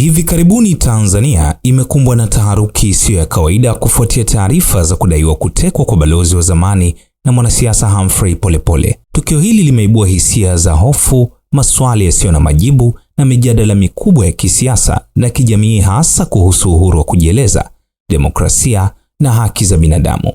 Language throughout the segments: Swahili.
Hivi karibuni Tanzania imekumbwa na taharuki isiyo ya kawaida kufuatia taarifa za kudaiwa kutekwa kwa balozi wa zamani na mwanasiasa Humphrey Polepole. Tukio hili limeibua hisia za hofu, maswali yasiyo na majibu na mijadala mikubwa ya kisiasa na kijamii, hasa kuhusu uhuru wa kujieleza, demokrasia na haki za binadamu.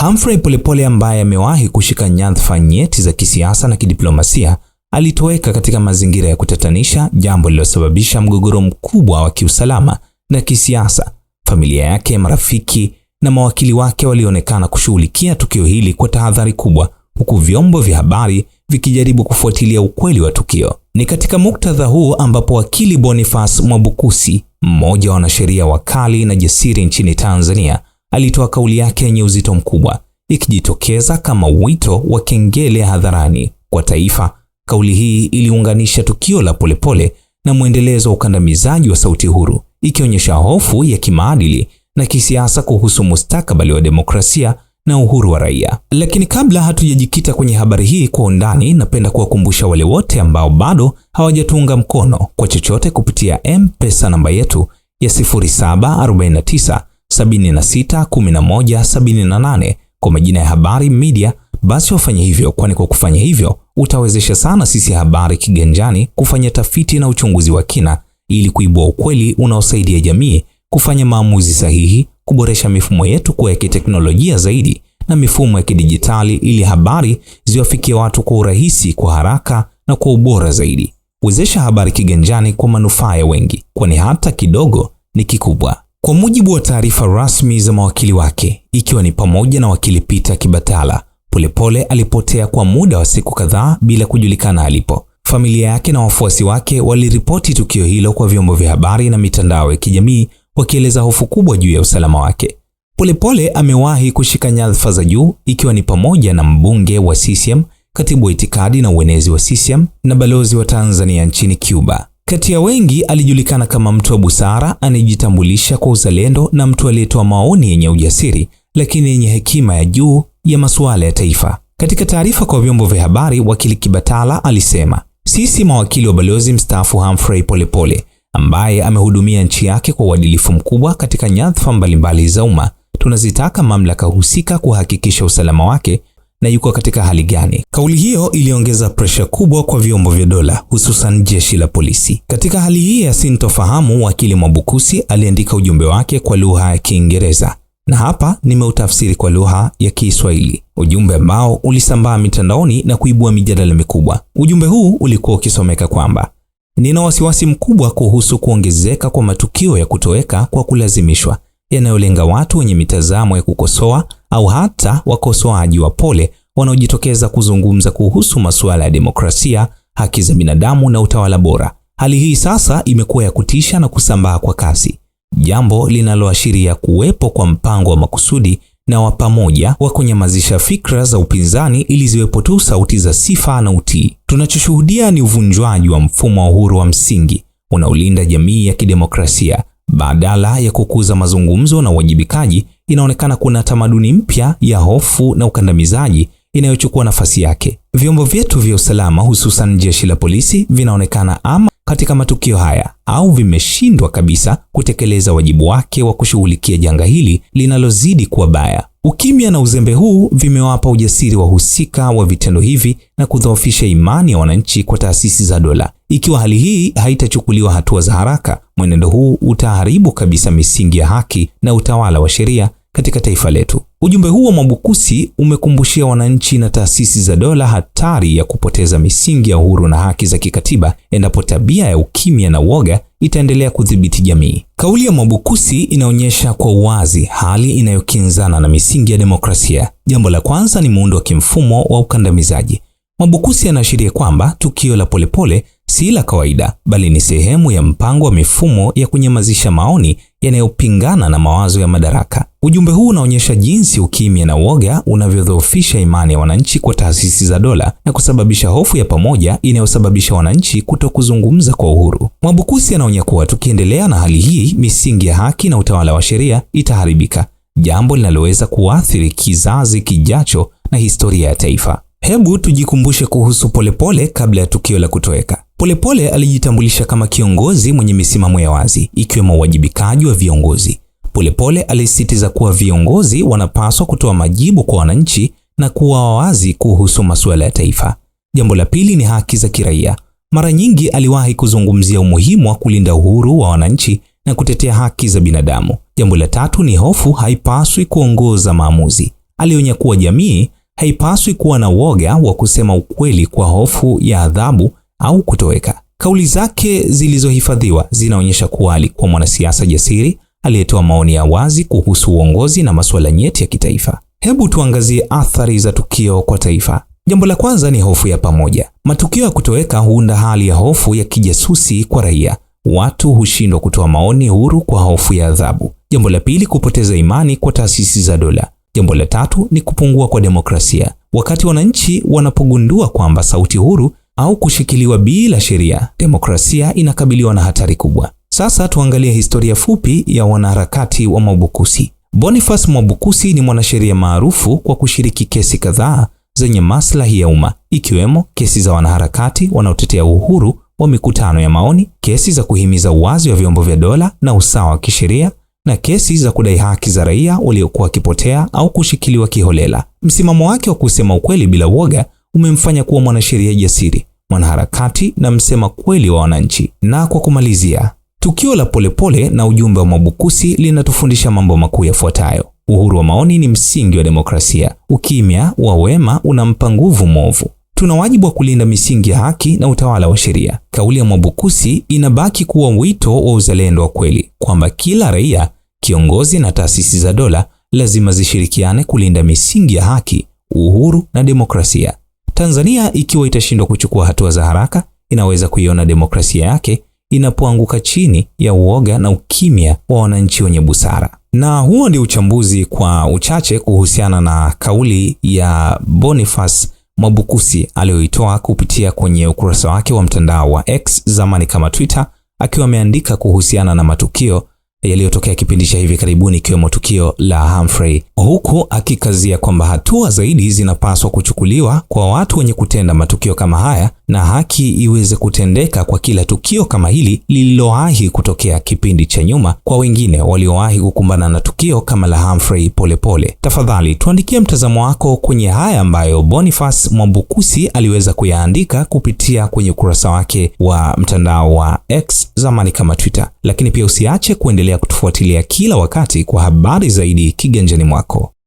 Humphrey Polepole ambaye amewahi kushika nyadhifa nyeti za kisiasa na kidiplomasia alitoweka katika mazingira ya kutatanisha, jambo lililosababisha mgogoro mkubwa wa kiusalama na kisiasa. Familia yake, marafiki na mawakili wake walionekana kushughulikia tukio hili kwa tahadhari kubwa, huku vyombo vya habari vikijaribu kufuatilia ukweli wa tukio. Ni katika muktadha huu ambapo wakili Boniface Mwabukusi, mmoja wa wanasheria wakali na jasiri nchini Tanzania, alitoa kauli yake yenye uzito mkubwa, ikijitokeza kama wito wa kengele hadharani kwa taifa Kauli hii iliunganisha tukio la Polepole na mwendelezo wa ukandamizaji wa sauti huru, ikionyesha hofu ya kimaadili na kisiasa kuhusu mustakabali wa demokrasia na uhuru wa raia. Lakini kabla hatujajikita kwenye habari hii kwa undani, napenda kuwakumbusha wale wote ambao bado hawajatuunga mkono kwa chochote kupitia M-Pesa namba yetu ya 0749 kwa majina ya Habari Media basi wafanye hivyo, kwani kwa kufanya hivyo utawezesha sana sisi Habari Kiganjani kufanya tafiti na uchunguzi wa kina ili kuibua ukweli unaosaidia jamii kufanya maamuzi sahihi, kuboresha mifumo yetu kuwa ya kiteknolojia zaidi na mifumo ya kidijitali ili habari ziwafikie watu kwa urahisi, kwa haraka na kwa ubora zaidi. Wezesha Habari Kiganjani kwa manufaa ya wengi, kwani hata kidogo ni kikubwa. Kwa mujibu wa taarifa rasmi za mawakili wake, ikiwa ni pamoja na wakili Peter Kibatala Polepole alipotea kwa muda wa siku kadhaa bila kujulikana alipo. Familia yake na wafuasi wake waliripoti tukio hilo kwa vyombo vya habari na mitandao ya kijamii, wakieleza hofu kubwa juu ya usalama wake. Polepole amewahi kushika nyadhifa za juu ikiwa ni pamoja na mbunge wa CCM, katibu wa itikadi na uenezi wa CCM na balozi wa Tanzania nchini Cuba. Kati ya wengi alijulikana kama mtu wa busara anayejitambulisha kwa uzalendo na mtu aliyetoa maoni yenye ujasiri lakini yenye hekima ya juu ya masuala ya taifa. Katika taarifa kwa vyombo vya habari, wakili Kibatala alisema sisi mawakili wa balozi mstaafu Humphrey Polepole ambaye amehudumia nchi yake kwa uadilifu mkubwa katika nyadhifa mbalimbali za umma, tunazitaka mamlaka husika kuhakikisha usalama wake na yuko katika hali gani. Kauli hiyo iliongeza presha kubwa kwa vyombo vya dola, hususan jeshi la polisi. Katika hali hii ya sintofahamu, wakili Mwabukusi aliandika ujumbe wake kwa lugha ya Kiingereza na hapa nimeutafsiri kwa lugha ya Kiswahili, ujumbe ambao ulisambaa mitandaoni na kuibua mijadala mikubwa. Ujumbe huu ulikuwa ukisomeka kwamba nina wasiwasi mkubwa kuhusu kuongezeka kwa matukio ya kutoweka kwa kulazimishwa yanayolenga watu wenye mitazamo ya kukosoa au hata wakosoaji wa pole wanaojitokeza kuzungumza kuhusu masuala ya demokrasia, haki za binadamu na utawala bora. Hali hii sasa imekuwa ya kutisha na kusambaa kwa kasi jambo linaloashiria kuwepo kwa mpango wa makusudi na wa pamoja wa kunyamazisha fikra za upinzani ili ziwepo tu sauti za sifa na utii. Tunachoshuhudia ni uvunjwaji wa mfumo wa uhuru wa msingi unaolinda jamii ya kidemokrasia. Badala ya kukuza mazungumzo na uwajibikaji, inaonekana kuna tamaduni mpya ya hofu na ukandamizaji inayochukua nafasi yake. Vyombo vyetu vya usalama, hususan jeshi la polisi, vinaonekana ama katika matukio haya au vimeshindwa kabisa kutekeleza wajibu wake wa kushughulikia janga hili linalozidi kuwa baya. Ukimya na uzembe huu vimewapa ujasiri wahusika wa vitendo hivi na kudhoofisha imani ya wananchi kwa taasisi za dola. Ikiwa hali hii haitachukuliwa hatua za haraka, mwenendo huu utaharibu kabisa misingi ya haki na utawala wa sheria katika taifa letu. Ujumbe huu wa Mwabukusi umekumbushia wananchi na taasisi za dola hatari ya kupoteza misingi ya uhuru na haki za kikatiba endapo tabia ya ukimya na woga itaendelea kudhibiti jamii. Kauli ya Mwabukusi inaonyesha kwa uwazi hali inayokinzana na misingi ya demokrasia. Jambo la kwanza ni muundo wa kimfumo wa ukandamizaji. Mwabukusi anaashiria kwamba tukio la Polepole si la kawaida, bali ni sehemu ya mpango wa mifumo ya kunyamazisha maoni yanayopingana na mawazo ya madaraka. Ujumbe huu unaonyesha jinsi ukimya na uoga unavyodhoofisha imani ya wananchi kwa taasisi za dola na kusababisha hofu ya pamoja inayosababisha wananchi kutokuzungumza kwa uhuru. Mwabukusi anaonya kuwa tukiendelea na hali hii, misingi ya haki na utawala wa sheria itaharibika, jambo linaloweza kuathiri kizazi kijacho na historia ya taifa. Hebu tujikumbushe kuhusu Polepole kabla ya tukio la kutoweka. Polepole alijitambulisha kama kiongozi mwenye misimamo ya wazi, ikiwemo uwajibikaji wa viongozi. Polepole alisisitiza kuwa viongozi wanapaswa kutoa majibu kwa wananchi na kuwa wazi kuhusu masuala ya taifa. Jambo la pili ni haki za kiraia. Mara nyingi aliwahi kuzungumzia umuhimu wa kulinda uhuru wa wananchi na kutetea haki za binadamu. Jambo la tatu ni hofu haipaswi kuongoza maamuzi. Alionya kuwa jamii haipaswi kuwa na woga wa kusema ukweli kwa hofu ya adhabu au kutoweka. Kauli zake zilizohifadhiwa zinaonyesha kuwa alikuwa mwanasiasa jasiri aliyetoa maoni ya wazi kuhusu uongozi na masuala nyeti ya kitaifa. Hebu tuangazie athari za tukio kwa taifa. Jambo la kwanza ni hofu ya pamoja. Matukio ya kutoweka huunda hali ya hofu ya kijasusi kwa raia. Watu hushindwa kutoa maoni huru kwa hofu ya adhabu. Jambo la pili, kupoteza imani kwa taasisi za dola. Jambo la tatu ni kupungua kwa demokrasia. Wakati wananchi wanapogundua kwamba sauti huru au kushikiliwa bila sheria, demokrasia inakabiliwa na hatari kubwa. Sasa tuangalie historia fupi ya wanaharakati wa Mwabukusi. Boniface Mwabukusi ni mwanasheria maarufu kwa kushiriki kesi kadhaa zenye maslahi ya umma, ikiwemo kesi za wanaharakati wanaotetea uhuru wa mikutano ya maoni, kesi za kuhimiza uwazi wa vyombo vya dola na usawa wa kisheria na kesi za kudai haki za raia waliokuwa wakipotea au kushikiliwa kiholela. Msimamo wake wa kusema ukweli bila woga umemfanya kuwa mwanasheria jasiri, mwanaharakati na msema kweli wa wananchi. Na kwa kumalizia, tukio la Polepole na ujumbe wa Mwabukusi linatufundisha mambo makuu yafuatayo: uhuru wa maoni ni msingi wa demokrasia, ukimya wa wema unampa nguvu mwovu tuna wajibu wa kulinda misingi ya haki na utawala wa sheria. Kauli ya Mwabukusi inabaki kuwa wito wa uzalendo wa kweli, kwamba kila raia, kiongozi na taasisi za dola lazima zishirikiane kulinda misingi ya haki, uhuru na demokrasia. Tanzania ikiwa itashindwa kuchukua hatua za haraka, inaweza kuiona demokrasia yake inapoanguka chini ya uoga na ukimya wa wananchi wenye busara. Na huo ndio uchambuzi kwa uchache kuhusiana na kauli ya Boniface Mwabukusi aliyoitoa kupitia kwenye ukurasa wake wa mtandao wa X zamani kama Twitter, akiwa ameandika kuhusiana na matukio yaliyotokea kipindi cha hivi karibuni, ikiwemo tukio la Humphrey, huku akikazia kwamba hatua zaidi zinapaswa kuchukuliwa kwa watu wenye kutenda matukio kama haya na haki iweze kutendeka kwa kila tukio kama hili lililowahi kutokea kipindi cha nyuma kwa wengine waliowahi kukumbana na tukio kama la Humphrey Polepole. Tafadhali tuandikie mtazamo wako kwenye haya ambayo Boniface Mwambukusi aliweza kuyaandika kupitia kwenye ukurasa wake wa mtandao wa X zamani kama Twitter, lakini pia usiache kuendelea kutufuatilia kila wakati kwa habari zaidi kiganjani mwako.